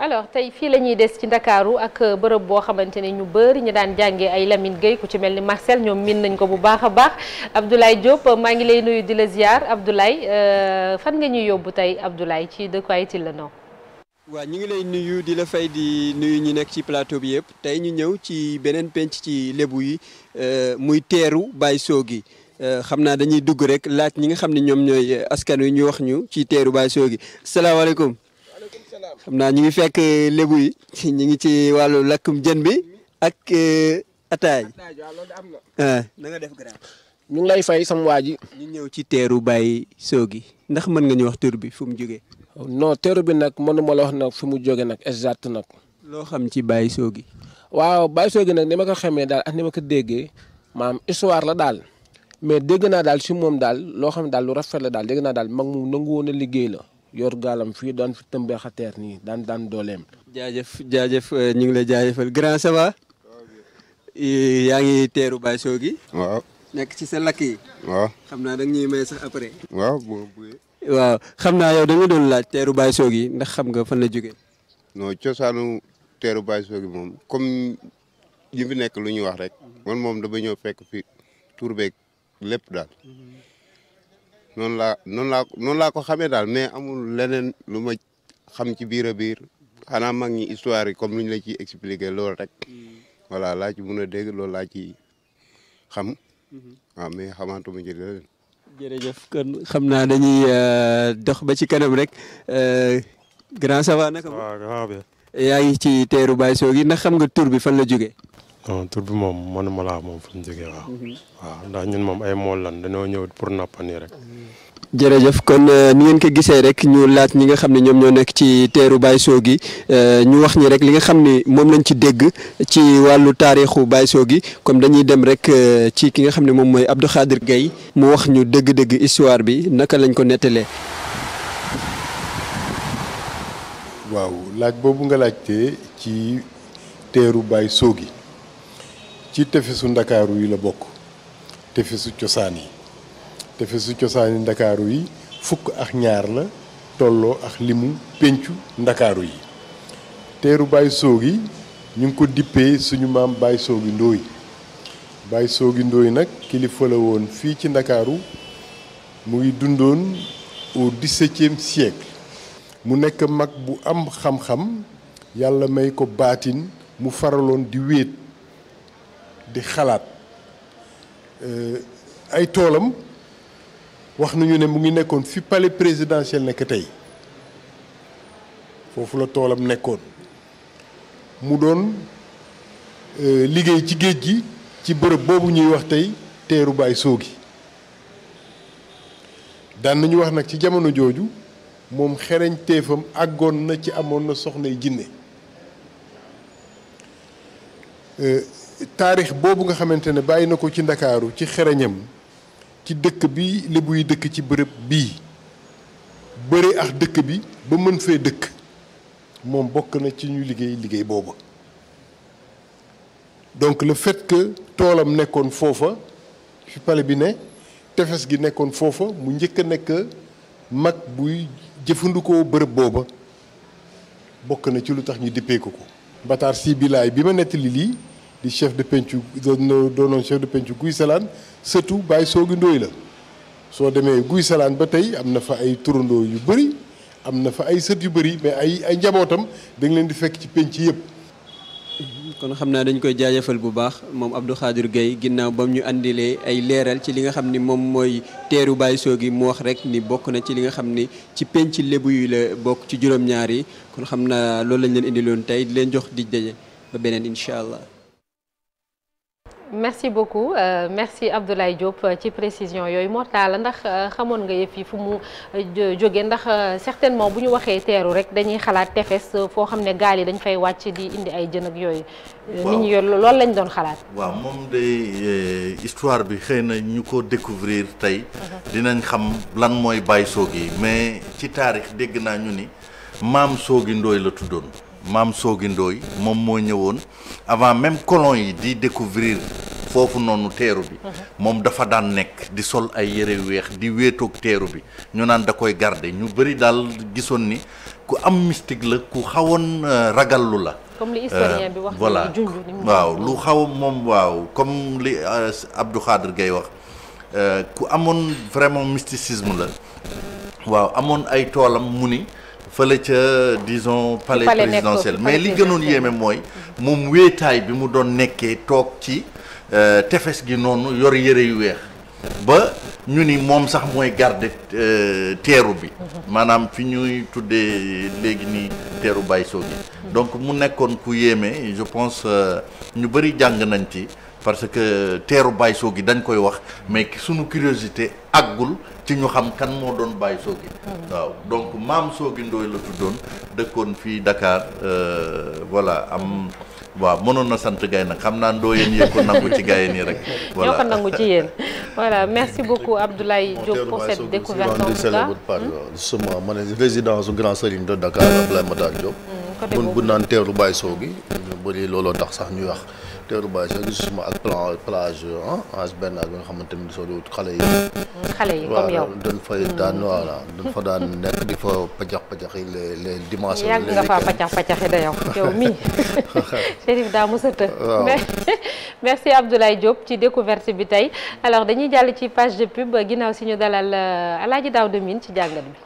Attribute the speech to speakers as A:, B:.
A: alors tey fii la ñuy des ci ndakaaru ak bërëb boo xamante ne ñu bëri ñu daan jàngee ay Lamine Gueye ci mel ni Marcel ñoom miin nañ ko bu baax a baax Abdoulaye Diop maa ngi lay nuyu di la ziar Abdoulaye euh, fan nga ñuy yóbbu tey Abdoulaye ci de quoi est-il le nom
B: waaw ñu ngi lay nuyu di la fay di nuyu ñi nekk ci plateau bi yëpp tey ñu ñëw ci beneen penc ci lébu yi euh, muy teeru Baye gi euh, xam naa dañuy dugg rek laaj ñi nga xam ne ñoom ñooy askan wi ñu wax ñu ci teeru Baye Sogui salaamaaleykum xam naa ñu ngi fekk eh, lébu yi ñu ngi ci wàllu lakkum jën bi ak eh, ataay. Ah. Ah. na def grand. ñu ngi lay fay sama waa ji. ñu ñëw ci teeru Baye Sogui ndax mën nga ñu wax tur bi fu mu jógee. Oh, non teeru bi nag mënuma la wax nag fu mu jógee nag exact nag. loo xam ci Baye Sogui. waaw Baye Sogui nag ni ma ko xamee daal ak ni ma ko déggee maam histoire la daal. mais dégg naa daal si moom daal loo xam ne daal lu rafet la daal dégg naa daal mag mu nangu woon a liggéey la. yor gaalam fii daan fi tëmbee teer nii daan daan dooleem. jaajëf jaajëf euh, ñu ngi lay jaajëfal grand ça yaa ngi teeru Baye gi waaw nekk ci sa lakk yi. waaw xam naa da ñuy may sax après. waaw xam naa yow da doon laaj teeru Baye Sogui ndax xam nga fan la jóge
C: non cosaanu teeru Baye Sogui moom comme yi fi nekk lu ñuy wax rek. man moom dama ñëw fekk fi tur beeg lépp daal. Mhm. noonu laa noonu laa noonu laa ko xamee daal mais amul leneen lu ma xam ci biir biir xanaa mag ñi histoire yi comme lu la ci expliquer lool rek mm. voilà laa ci mun a dégg loolu laa ci xam mm-hmm. waaw mais xamaantuma ci leneen
B: jërëjëf kon xam naa dañuy euh, dox ba ci kanam rek euh, grand ça va naka yaa ngi ci teeru Baye Sogui ndax xam nga tur bi fan la jógee non tur bi moom manuma laa moom fu mu jógee mhm. waaw. ndax ñun moom ay mool lan dañoo ñëw pour nappa nii rek. jërëjëf kon euh, ni ngeen ko gisee rek ñu laaj ñi nga xam ne ñoom ñoo nekk ci teeru Baye Sogui euh, ñu wax ñi rek li nga xam ne moom lañ ci dégg ci wàllu taarixu Baye Sogui comme dañuy dem rek euh, ci ki nga xam ne moom mooy Abdou Khadir Gueye mu wax ñu dëgg-dëgg histoire bi naka lañ ko nettalee.
C: waaw laaj boobu nga laajtee ci teeru soo gi ci tefesu ndakaaru yi la bokk tefesu cosaan yi tefesu cosaan yi ndakaaru yi fukk ak ñaar la tolloo ak limu péncu ndakaaru yi teeru Baye Soogi ñu ngi ko dippee suñu maam Baye Soogi Ndooy Baye Soogi Ndooy nag kilifa la woon fii ci ndakaaru mu ngi dundoon au dix-septième siècle mu nekk mag bu am xam-xam yàlla may ko baatin mu faraloon di wéet di xalaat euh, ay toolam wax nañu ne mu ngi nekkoon fi palais présidentiel nekk tey foofu la toolam nekkoon mu doon euh, liggéey ci géej gi ci bërëb boobu ñuy wax tey teeru baay gi daan nañu wax nag ci jamono jooju moom xereñ téefam àggoon na ci amoon na soxnay jinne euh, taarix boobu nga xamante ne bàyyi na ko ci ndakaaru ci xereñam ci dëkk bi li buy dëkk ci bërëb bii bëre ak dëkk bi ba mën fee dëkk moom bokk na ci ñu liggéey liggéey boobu donc la fait toolam nekkoon foofa fi pale bi ne tefes gi nekkoon foofa mu njëkk a nekk mag buy jëfandikoo bërëb booba bokk na ci lu tax ñu dippeeku ko mbataar si bi ma nettali lii di chef de pencu doonoon chef de pencu Guy Salane surtout Baye Soogi Ndooy la soo demee Guy Salane ba tey am na fa ay turandoo yu bëri am na fa ay sët yu bëri mais ay ay njabootam da leen di fekk ci penc yëpp.
B: kon xam naa dañ koy jaajëfal bu baax moom Abdou Khadir Gueye ginnaaw ba mu ñu indilee ay leeral ci li nga xam ni moom mooy teeru baay Baye Soogi mu wax rek ni bokk na ci li nga xam ni ci penc lébu yu la bokk ci juróom-ñaar kon xam naa loolu lañ leen indiloon tey di leen jox di daje ba beneen incha allah.
A: merci beaucoup euh, merci Abdoulaye Diop euh, ci précision yooyu Mor ndax euh, xamoon nga yëf yi fu mu euh, jóge ndax certainement bu ñu waxee teeru rek dañuy xalaat tefes foo xam ne gaal yi dañ fay wàcc di indi ay jën ak yooyu. nit ñi loolu lañ doon xalaat.
D: waaw moom de histoire bi xëy na ñu ko découvrir tey. Uh-huh. dinañ xam lan mooy bàyyi soog yi mais ci taarix dégg naa ñu ni maam soogi ndooy la tuddoon. maam Soogi Ndooy moom moo ñëwoon avant même colon yi di découvrir foofu noonu teeru bi moom dafa daan nekk di sol ay yére weex di wéetoog teeru bi ñoo naan da koy garde ñu bëri daal gisoon ni ku am mystique la ku xawoon euh, ragallu la comme euh, waaw lu xaw moom waaw comme li euh, Abdou Khadre Gaye wax ku amoon vraiment mysticisme la waaw amoon ay toolam mu ni fële ca disons palais présidentiel mais li gënoon yéeme mooy moom wéetaay bi mu doon nekkee toog ci euh, tefes gi noonu yor yëre yu weex ba ñu ni moom sax mooy garde euh, teeru bi maanaam fi ñuy tuddee léegi nii teeru Baye gi donc mu nekkoon ku yéeme je pense euh, ñu bëri jàng nañ ci parce que teeru soo Sogui dañ koy wax mais suñu curiosité àggul ci ñu xam kan moo doon Baye Sogui mm. waaw donc maam Sogui Ndoye la tuddoon dëkkoon fii dakaar walla euh, am waaw mënoon na sant gay nag xam naa ndooyeen yéen ko nangu ci gay nii rek. voilà ñoo ko nangu ci yéen.
A: voilà merci beaucoup Abdoulaye Diop pour cette découverte
D: en tout cas. Hmm? Euh, justement ma ne résidence Grand Serigne de Dakar Abdoulaye Matar Diop. Hmm, côté boobu bu naan teeru Baye Sogui. ñu bëri looloo tax sax ñuy wax. teeru baay sax gisuma ak plan plage ah en benn ak nga xamante ni soo wut xale yi. Mm,
A: xale yi comme yow waaw
D: dañ fay daan voilà dañ fa daan nekk di fa pajax pajax yi les les dimanches. nga faa pajax
A: pajax yi da yow yow mii Chérif daa mos a të. merci Abdoulaye Diop ci découverte bi tey alors dañuy jàll ci page de pub ginnaaw si ñu dalal euh, Alaaji Daouda Mine ci jàngat bi.